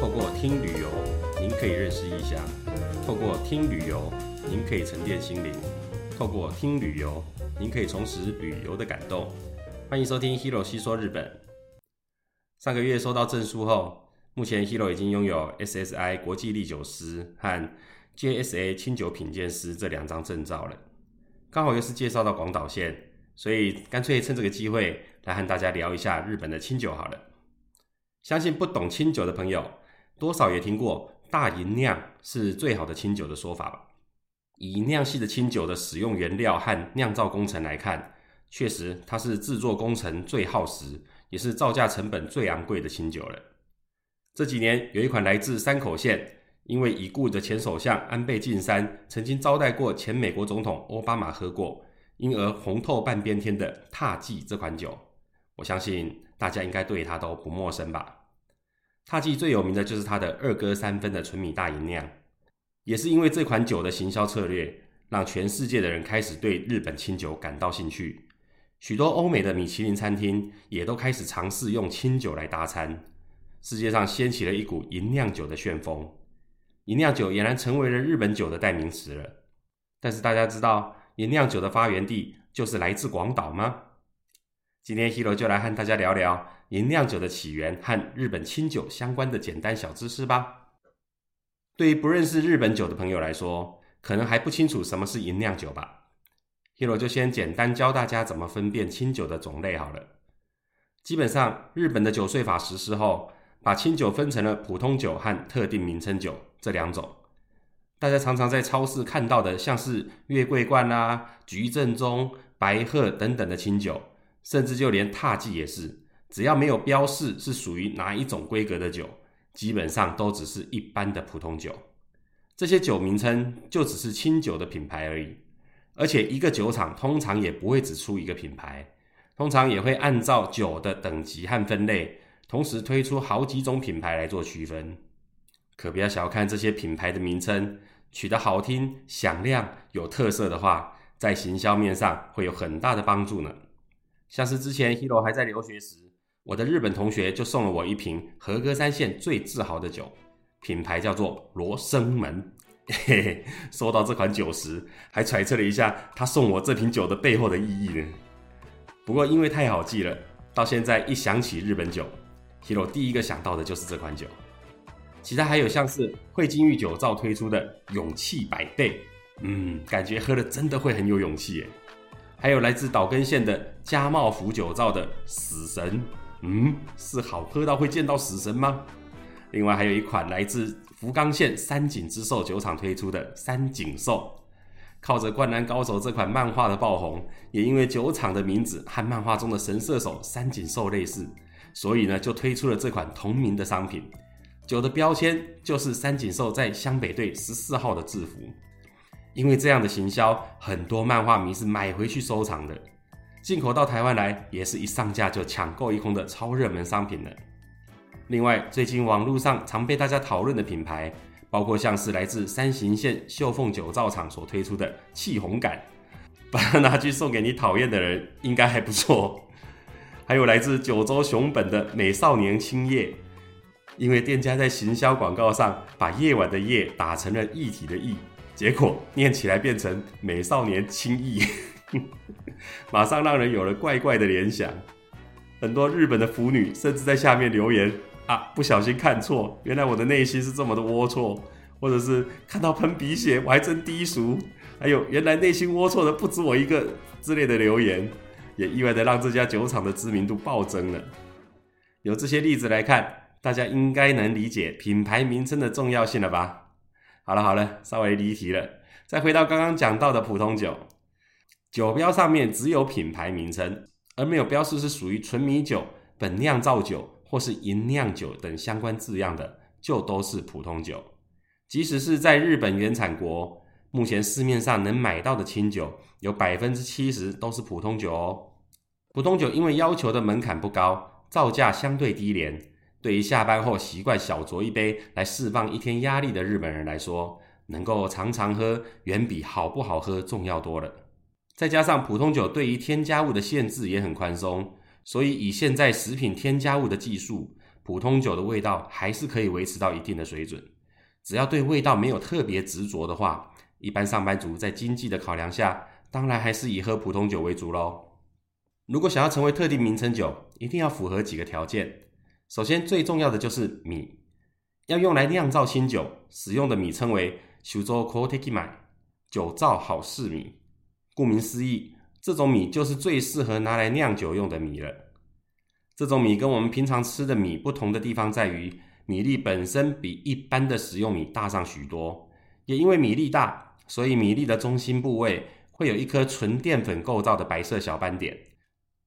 透過聽旅遊，您可以認識一下；透過聽旅遊，您可以沉澱心靈；透過聽旅遊，您可以重拾旅遊的感動。歡迎收聽 Hiro 西說日本。上個月收到證書後，目前 Hiro 已經擁有 SSI 國際利酒師和 JSA 清酒品鑑師這兩張證照了。剛好又是介紹到廣島縣，所以乾脆趁這個機會來和大家聊一下日本的清酒好了。相信不懂清酒的朋友，多少也聽過“大吟釀”是最好的清酒的說法吧？以釀系的清酒的使用原料和釀造工程來看，確實它是制作工程最耗時，也是造價成本最昂貴的清酒了。這幾年有一款來自山口縣，因為已故的前首相安倍晉三曾經招待過前美國總統奧巴馬喝過，因而紅透半邊天的“獺祭”這款酒，我相信。大家應該對它都不陌生吧？獺祭最有名的就是他的二割三分的純米大吟釀，也是因為這款酒的行銷策略，讓全世界的人開始對日本清酒感到興趣。許多歐美的米其林餐廳也都開始嘗試用清酒來搭餐，世界上掀起了一股吟釀酒的旋風，吟釀酒儼然成為了日本酒的代名詞了。但是大家知道吟釀酒的發源地就是來自廣島嗎？今天希羅就來和大家聊聊吟釀酒的起源和日本清酒相關的簡單小知識吧。對於不認識日本酒的朋友來說，可能還不清楚什麼是吟釀酒吧。希羅就先簡單教大家怎麼分辨清酒的種類好了。基本上，日本的酒稅法實施後，把清酒分成了普通酒和特定名稱酒這兩種。大家常常在超市看到的，像是月桂冠啦、啊、菊正宗、白鶴等等的清酒。甚至就連獺祭也是，只要沒有標示是屬於哪一種規格的酒，基本上都只是一般的普通酒。這些酒名稱就只是清酒的品牌而已，而且一個酒廠通常也不會只出一個品牌，通常也會按照酒的等級和分類，同時推出好幾種品牌來做區分。可不要小看這些品牌的名稱，取得好聽、響亮、有特色的話，在行銷面上會有很大的幫助呢。像是之前 Hiro 還在留學時，我的日本同學就送了我一瓶和歌山縣最自豪的酒，品牌叫做羅生門。收 到這款酒時，還揣測了一下他送我這瓶酒的背後的意義呢。不過因為太好記了，到現在一想起日本酒，Hiro 第一個想到的就是這款酒。其他還有像是會津御酒造推出的勇氣百倍，嗯，感覺喝了真的會很有勇氣誒。還有來自島根縣的加茂福酒造的死神，嗯，是好喝到會見到死神嗎？另外還有一款來自福岡縣三井之壽酒廠推出的三井壽，靠着《灌籃高手》這款漫畫的爆紅，也因為酒廠的名字和漫畫中的神射手三井壽類似，所以呢就推出了這款同名的商品，酒的標籤就是三井壽在湘北隊十四號的制服。因為這樣的行銷，很多漫畫迷是買回去收藏的，進口到台灣來也是一上架就搶購一空的超熱門商品了。另外，最近網絡上常被大家討論的品牌，包括像是來自山形縣秀鳳酒造廠所推出的氣紅感，把它拿去送給你討厭的人，應該還不錯。還有來自九州熊本的美少年青夜，因為店家在行銷廣告上把夜晚的夜打成了液體的液。結果念起來變成“美少年青意”，馬上讓人有了怪怪的聯想。很多日本的腐女甚至在下面留言：“啊，不小心看錯，原來我的內心是這麼的齷齪。”或者是看到噴鼻血，我還真低俗。哎呦，原來內心齷齪的不止我一個之類的留言，也意外的讓這家酒廠的知名度暴增了。有這些例子來看，大家應該能理解品牌名稱的重要性了吧？好了好了，稍微離題了。再回到剛剛講到的普通酒，酒標上面只有品牌名稱，而沒有標示是屬於純米酒、本釀造酒或是吟釀酒等相關字樣的，就都是普通酒。即使是在日本原產國，目前市面上能買到的清酒有70，有百分之七十都是普通酒哦。普通酒因為要求的門檻不高，造價相對低廉。對於下班後習慣小酌一杯來釋放一天壓力的日本人來說，能夠常常喝遠比好不好喝重要多了。再加上普通酒對於添加物的限制也很寬鬆，所以以現在食品添加物的技術，普通酒的味道還是可以維持到一定的水準。只要對味道沒有特別執着的話，一般上班族在經濟的考量下，當然還是以喝普通酒為主嘍。如果想要成為特定名稱酒，一定要符合幾個條件。首先，最重要的就是米，要用來釀造清酒使用的米稱為“酒造好適米”，酒造好適米。顧名思義，這種米就是最適合拿來釀酒用的米了。這種米跟我們平常吃的米不同的地方在於，米粒本身比一般的食用米大上許多。也因為米粒大，所以米粒的中心部位會有一顆純澱粉構造的白色小斑點。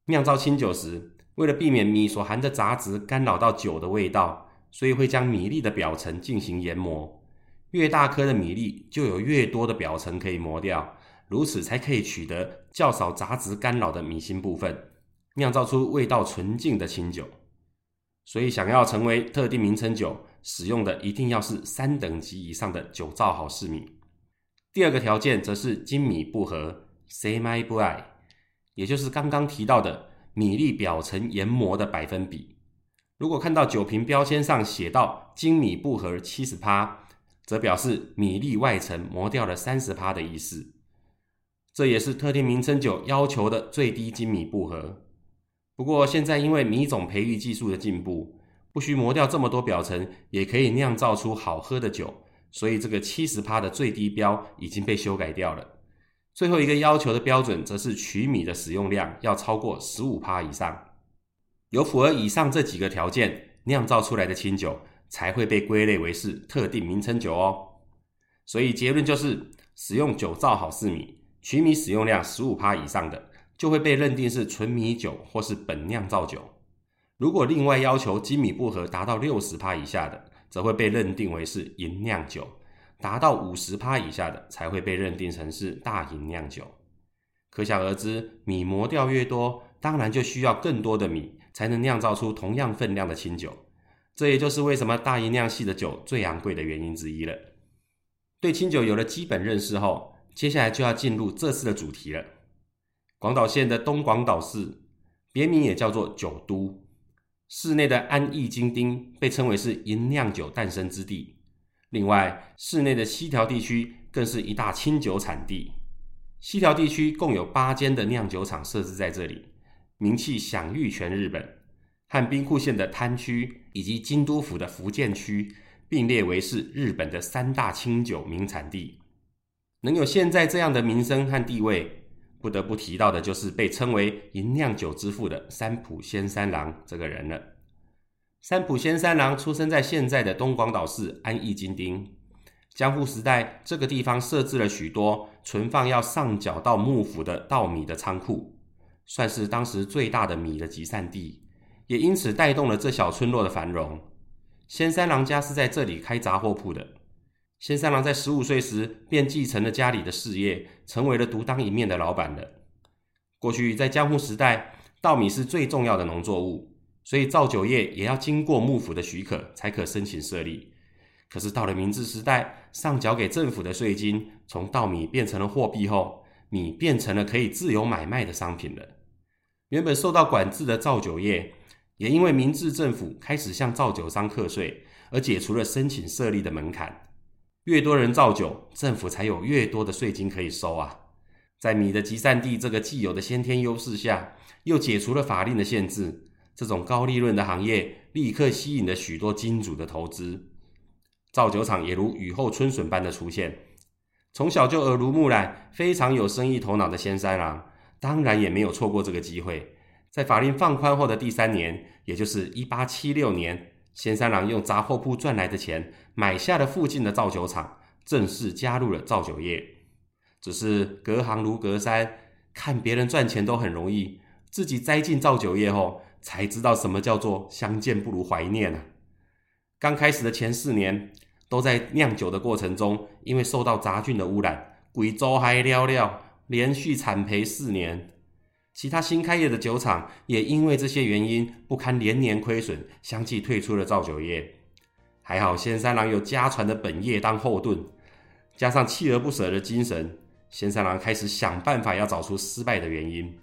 釀造清酒時，為了避免米所含的雜質干擾到酒的味道，所以會將米粒的表層進行研磨。越大顆的米粒就有越多的表層可以磨掉，如此才可以取得較少雜質干擾的米芯部分，釀造出味道純淨的清酒。所以，想要成為特定名稱酒，使用的一定要是三等級以上的酒造好適米。第二個條件則是精米步合，say my boy，也就是剛剛提到的。米粒表層研磨的百分比，如果看到酒瓶標籤上寫到精米步合七十趴，則表示米粒外層磨掉了三十趴的意思。這也是特定名稱酒要求的最低精米步合。不過現在因為米種培育技術的進步，不需磨掉這麼多表層也可以釀造出好喝的酒，所以這個七十趴的最低標已經被修改掉了。最後一個要求的標準，則是曲米的使用量要超過十五趴以上。有符合以上這幾個條件，釀造出來的清酒才會被歸類為是特定名稱酒哦。所以結論就是，使用酒造好適米，曲米使用量十五趴以上的，就會被認定是純米酒或是本釀造酒。如果另外要求精米步合達到六十趴以下的，則會被認定為是吟釀酒。達到五十趴以下的才會被認定成是大吟釀酒，可想而知，米磨掉越多，當然就需要更多的米才能釀造出同樣分量的清酒。這也就是為什麼大吟釀系的酒最昂貴的原因之一了。對清酒有了基本認識後，接下來就要進入這次的主題了。廣島縣的東廣島市，別名也叫做酒都，市內的安藝金町被稱為是吟釀酒誕生之地。另外，市內的西條地區更是一大清酒產地。西條地區共有八間的釀酒廠設置在這裡，名氣享譽全日本，和兵庫縣的灘區以及京都府的伏見區並列為是日本的三大清酒名產地。能有現在這樣的名聲和地位，不得不提到的就是被稱為“吟釀酒之父”的三浦仙三郎這個人了。三浦仙三郎出生在現在的東廣島市安藝津町。江戶時代，這個地方設置了許多存放要上繳到幕府的稻米的倉庫，算是當時最大的米的集散地，也因此帶動了這小村落的繁榮。仙三郎家是在這裡開雜貨鋪的。仙三郎在十五歲時便繼承了家裡的事業，成為了獨當一面的老板了。過去在江戶時代，稻米是最重要的農作物。所以造酒業也要經過幕府的許可才可申請設立。可是到了明治時代，上繳給政府的稅金從稻米變成了貨幣後，米變成了可以自由買賣的商品了。原本受到管制的造酒業，也因為明治政府開始向造酒商課稅，而解除了申請設立的門檻。越多人造酒，政府才有越多的稅金可以收啊！在米的集散地這個既有的先天優勢下，又解除了法令的限制。這種高利潤的行業立刻吸引了許多金主的投資，造酒廠也如雨後春筍般的出現。從小就耳濡目染、非常有生意頭腦的仙三郎當然也沒有錯過這個機會。在法令放寬後的第三年，也就是一八七六年，仙三郎用雜貨鋪賺來的錢買下了附近的造酒廠，正式加入了造酒業。只是隔行如隔山，看別人賺錢都很容易，自己栽進造酒業後，才知道什麼叫做相見不如懷念啊。剛開始的前四年都在釀酒的過程中，因為受到雜菌的污染，鬼州還撂了，連續慘賠四年。其他新開業的酒廠也因為這些原因不堪連年虧損，相繼退出了造酒業。還好仙三郎有家傳的本業當後盾，加上鍥而不捨的精神，仙三郎開始想辦法要找出失敗的原因。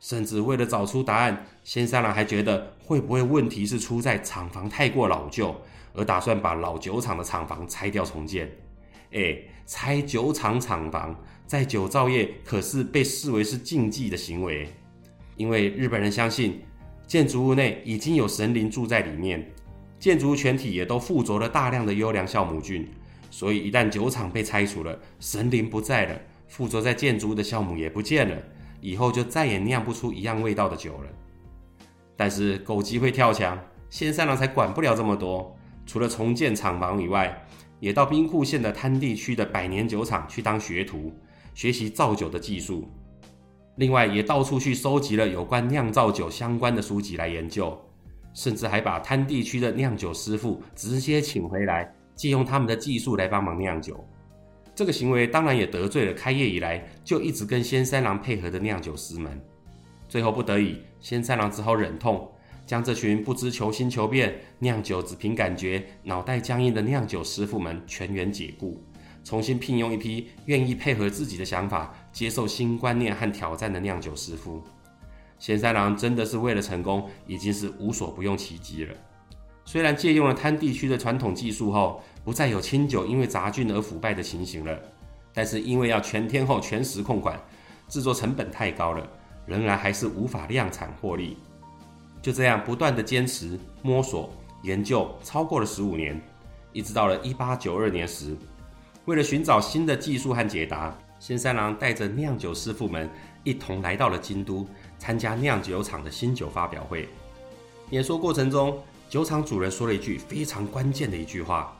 甚至為了找出答案，仙三郎還覺得會不會問題是出在廠房太過老舊，而打算把老酒廠的廠房拆掉重建。哎，拆酒廠廠房在酒造業可是被視為是禁忌的行為，因為日本人相信建築物內已經有神靈住在裡面，建築全體也都附着了大量的優良酵母菌，所以一旦酒廠被拆除了，神靈不在了，附着在建築物的酵母也不見了。以後就再也釀不出一樣味道的酒了。但是狗急會跳牆，仙三郎才管不了這麼多。除了重建廠房以外，也到兵庫縣的灘地區的百年酒廠去當學徒，學習造酒的技術。另外，也到處去收集了有關釀造酒相關的書籍來研究，甚至還把灘地區的釀酒師傅直接請回來，借用他們的技術來幫忙釀酒。這個行為當然也得罪了開業以來就一直跟仙三郎配合的釀酒師們。最後不得已，仙三郎只好忍痛將這群不知求新求變、釀酒只憑感覺、腦袋僵硬的釀酒師傅們全員解雇，重新聘用一批願意配合自己的想法、接受新觀念和挑戰的釀酒師傅。仙三郎真的是為了成功，已經是無所不用其極了。雖然借用了灘地區的傳統技術後，不再有清酒因為雜菌而腐敗的情形了，但是因為要全天候全時控管，製作成本太高了，仍然還是無法量產獲利。就這樣不斷的堅持摸索研究，超過了十五年，一直到了一八九二年時，為了尋找新的技術和解答，仙三郎帶着釀酒師傅們一同來到了京都，參加釀酒廠的新酒發表會。演說過程中，酒廠主人說了一句非常關鍵的一句話。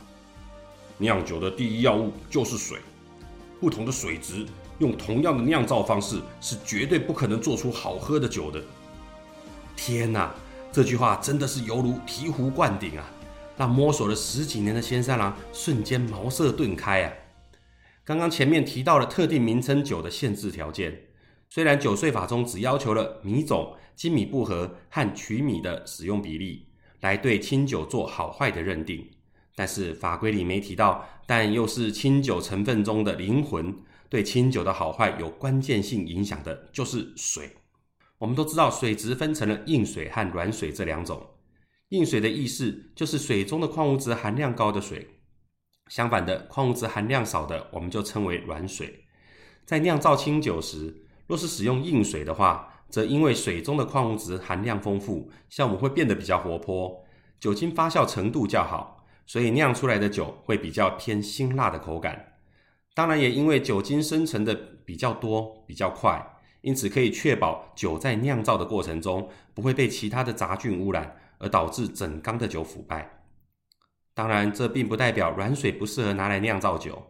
釀酒的第一要務就是水，不同的水質用同樣的釀造方式是絕對不可能做出好喝的酒的。天哪、啊，這句話真的是猶如醍醐灌頂啊！讓摸索了十幾年的仙三郎瞬間茅塞頓開啊！剛剛前面提到的特定名稱酒的限制條件，雖然酒稅法中只要求了米種、精米步合和麴米的使用比例來對清酒做好壞的認定。但是法規裡沒提到，但又是清酒成分中的靈魂，對清酒的好壞有關鍵性影響的就是水。我們都知道，水質分成了硬水和軟水這兩種。硬水的意思就是水中的礦物質含量高的水，相反的，礦物質含量少的，我們就稱為軟水。在釀造清酒時，若是使用硬水的話，則因為水中的礦物質含量豐富，酵母會變得比較活潑，酒精發酵程度較好。所以釀出來的酒會比較偏辛辣的口感，當然也因為酒精生成的比較多、比較快，因此可以確保酒在釀造的過程中不會被其他的雜菌污染，而導致整缸的酒腐敗。當然，這並不代表軟水不適合拿來釀造酒。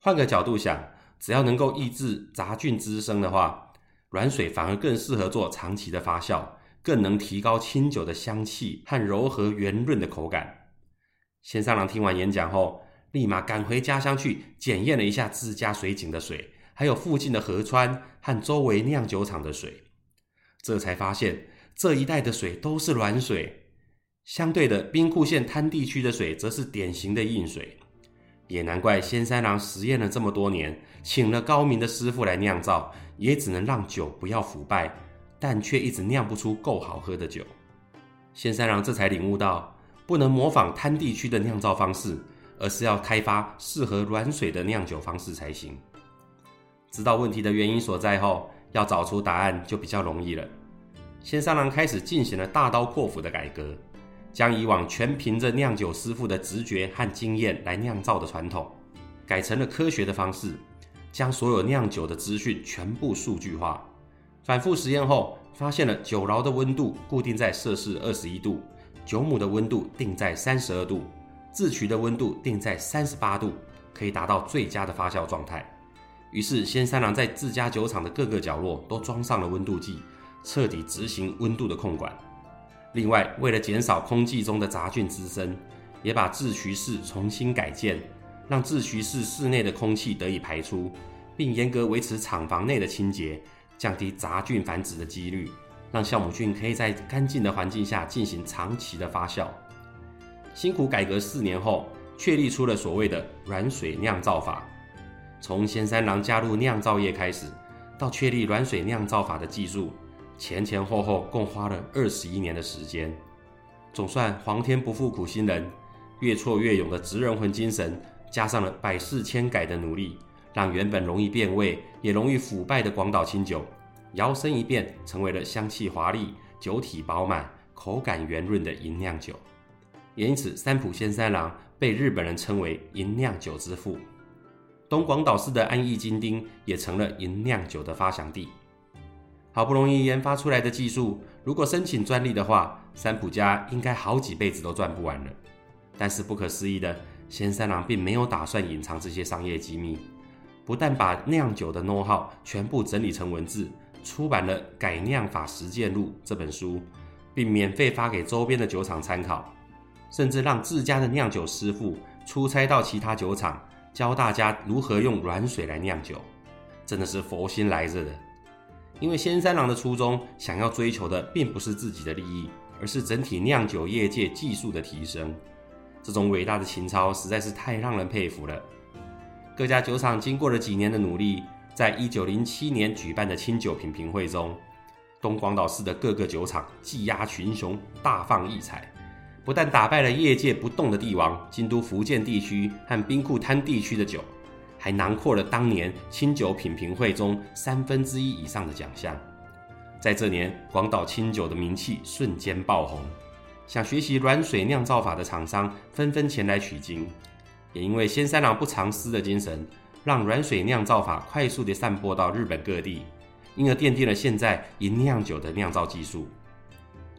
換個角度想，只要能夠抑制雜菌滋生的話，軟水反而更適合做長期的發酵，更能提高清酒的香氣和柔和圓潤的口感。仙三郎聽完演講後，立馬趕回家鄉去檢驗了一下自家水井的水，還有附近的河川和周圍釀酒廠的水，這才發現這一帶的水都是軟水，相對的，兵庫縣灘地區的水則是典型的硬水。也難怪仙三郎實驗了這麼多年，請了高明的師傅來釀造，也只能讓酒不要腐敗，但卻一直釀不出夠好喝的酒。仙三郎這才領悟到。不能模仿灘地區的釀造方式，而是要開發適合軟水的釀酒方式才行。知道問題的原因所在後，要找出答案就比較容易了。仙三郎開始進行了大刀闊斧的改革，將以往全憑着釀酒師傅的直覺和經驗來釀造的傳統，改成了科學的方式，將所有釀酒的資訊全部數據化。反復實驗後，發現了酒醪的溫度固定在攝氏二十一度。酒母的溫度定在三十二度，製麴的溫度定在三十八度，可以達到最佳的發酵狀態。於是，仙三郎在自家酒廠的各個角落都裝上了溫度計，徹底執行溫度的控管。另外，為了減少空氣中的雜菌滋生，也把製麴室重新改建，讓製麴室室內的空氣得以排出，並嚴格維持廠房內的清潔，降低雜菌繁殖的幾率。讓酵母菌可以在乾淨的環境下進行長期的發酵。辛苦改革四年後，確立出了所謂的軟水釀造法。從仙三郎加入釀造業開始，到確立軟水釀造法的技術，前前後後共花了二十一年的時間。總算，皇天不負苦心人，越挫越勇的職人魂精神，加上了百試千改的努力，讓原本容易變味也容易腐敗的廣島清酒。搖身一變，成為了香氣華麗、酒體飽滿、口感圓潤的吟釀酒。也因此，三浦仙三郎被日本人稱為“吟釀酒之父”。東廣島市的安藝津町也成了吟釀酒的發祥地。好不容易研發出來的技術，如果申請專利的話，三浦家應該好幾輩子都賺不完了。但是，不可思議的仙三郎並沒有打算隱藏這些商業機密，不但把釀酒的 know-how 全部整理成文字，出版了《改釀法實踐錄》這本書，並免費發給周邊的酒廠參考，甚至讓自家的釀酒師傅出差到其他酒廠，教大家如何用軟水來釀酒。真的是佛心來着的。因為仙三郎的初衷，想要追求的並不是自己的利益，而是整體釀酒業界技術的提升。這種偉大的情操實在是太讓人佩服了。各家酒廠經過了幾年的努力。在一九零七年舉辦的清酒品評會中，東廣島市的各個酒廠技壓群雄、大放異彩，不但打敗了業界不動的帝王、京都伏見地區和兵庫灘地區的酒，還囊括了當年清酒品評會中三分之一以上的獎項。在這年，廣島清酒的名氣瞬間爆紅，想學習軟水釀造法的廠商紛紛前來取經，也因為仙三郎不藏私的精神。讓軟水釀造法快速的散播到日本各地，因而奠定了現在吟釀酒的釀造技術。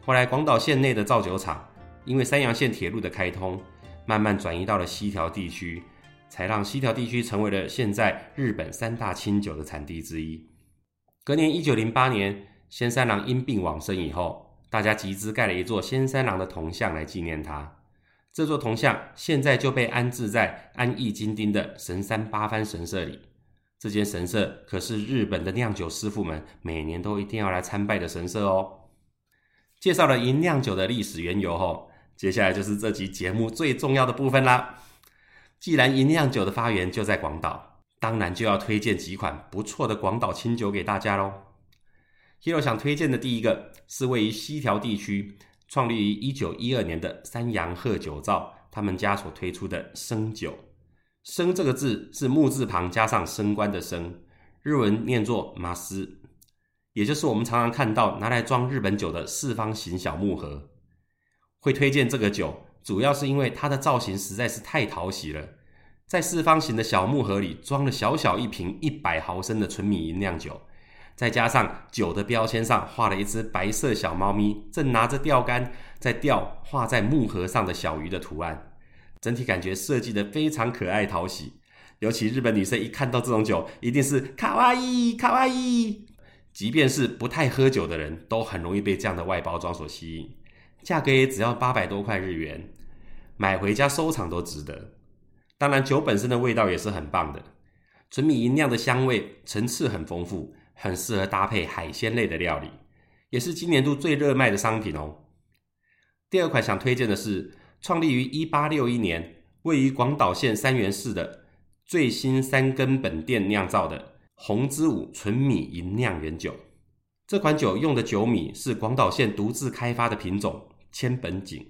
後來，廣島縣內的造酒廠因為山陽線鐵路的開通，慢慢轉移到了西條地區，才讓西條地區成為了現在日本三大清酒的產地之一。隔年一九零八年，仙三郎因病往生以後，大家集資蓋了一座仙三郎的銅像來紀念他。這座銅像現在就被安置在安藝津町的神山八幡神社裡。這間神社可是日本的釀酒師傅們每年都一定要來參拜的神社哦。介紹了吟釀酒的歷史緣由後，接下來就是這集節目最重要的部分啦。既然吟釀酒的發源就在廣島，當然就要推薦幾款不錯的廣島清酒給大家嘍。Hiro 想推薦的第一個是位於西條地區。創立於一九一二年的山陽賀酒造，他們家所推出的枡酒，“枡”這個字是木字旁加上“升”官的“升”。日文念作麻斯，也就是我們常常看到拿來裝日本酒的四方形小木盒。會推薦這個酒，主要是因為它的造型實在是太討喜了，在四方形的小木盒裡裝了小小一瓶一百毫升的純米吟釀酒。再加上酒的標籤上畫了一隻白色小貓咪，正拿着釣竿在釣畫在木盒上的小魚的圖案，整體感覺設計得非常可愛討喜。尤其日本女生一看到這種酒，一定是卡哇伊卡哇伊。即便是不太喝酒的人都很容易被這樣的外包裝所吸引。價格也只要八百多塊日元，買回家收藏都值得。當然，酒本身的味道也是很棒的，純米吟釀的香味層次很豐富。很適合搭配海鮮類的料理，也是今年度最熱賣的商品哦。第二款想推薦的是創立於一八六一年，位於廣島縣三原市的醉心山根本店釀造的紅之舞純米吟釀原酒。這款酒用的酒米是廣島縣獨自開發的品種千本錦，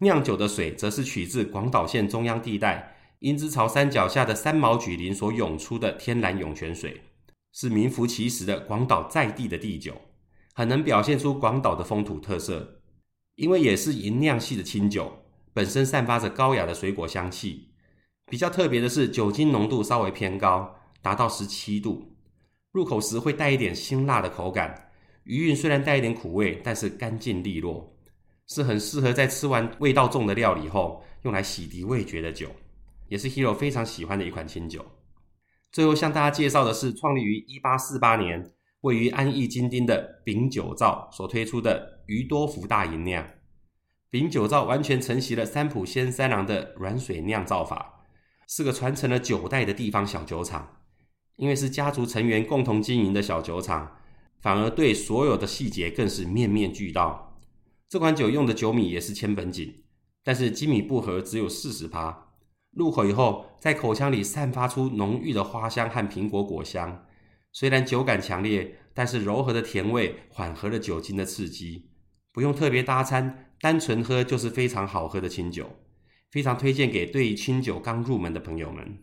釀酒的水則是取自廣島縣中央地帶鷹之巢山腳下的三毛榉林所湧出的天然湧泉水。是名副其實的廣島在地的地酒，很能表現出廣島的風土特色。因為也是吟釀系的清酒，本身散發着高雅的水果香氣。比較特別的是，酒精濃度稍微偏高，達到十七度。入口時會帶一點辛辣的口感，餘韻雖然帶一點苦味，但是乾淨利落，是很適合在吃完味道重的料理後用來洗滌味覺的酒。也是 Hero 非常喜歡的一款清酒。最後向大家介紹的是創立於1848年，位於安芸津町的柄酒造所推出的於多幅大吟釀。柄酒造完全承襲了三浦仙三郎的軟水釀造法，是個傳承了九代的地方小酒廠。因為是家族成員共同經營的小酒廠，反而對所有的細節更是面面俱到。這款酒用的酒米也是千本錦，但是精米步合只有四十趴。入口以後，在口腔裡散發出濃郁的花香和蘋果果香。雖然酒感強烈，但是柔和的甜味緩和了酒精的刺激。不用特別搭餐，單純喝就是非常好喝的清酒。非常推薦給對於清酒剛入門的朋友們。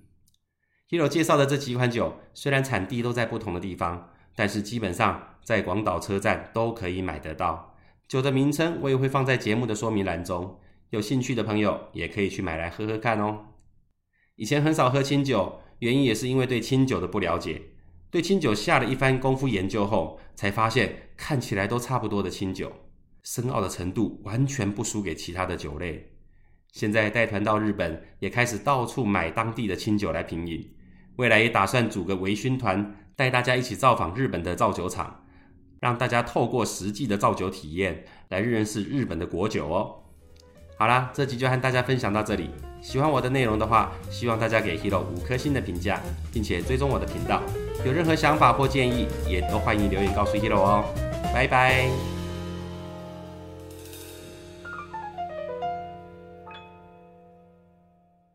Hiro 介紹的這幾款酒，雖然產地都在不同的地方，但是基本上在廣島車站都可以買得到。酒的名稱我也會放在節目的說明欄中，有興趣的朋友也可以去買來喝喝看哦。以前很少喝清酒，原因也是因為對清酒的不了解。對清酒下了一番功夫研究後，才發現看起來都差不多的清酒，深奧的程度完全不輸給其他的酒類。現在帶團到日本，也開始到處買當地的清酒來品飲。未來也打算組個微醺團，帶大家一起造訪日本的造酒廠，讓大家透過實際的造酒體驗來認識日本的國酒哦。好了，這集就和大家分享到這裡。喜歡我的內容的話，希望大家給 Hiro 五顆星的評價，並且追蹤我的頻道。有任何想法或建議，也都歡迎留言告訴 Hiro 哦。拜拜。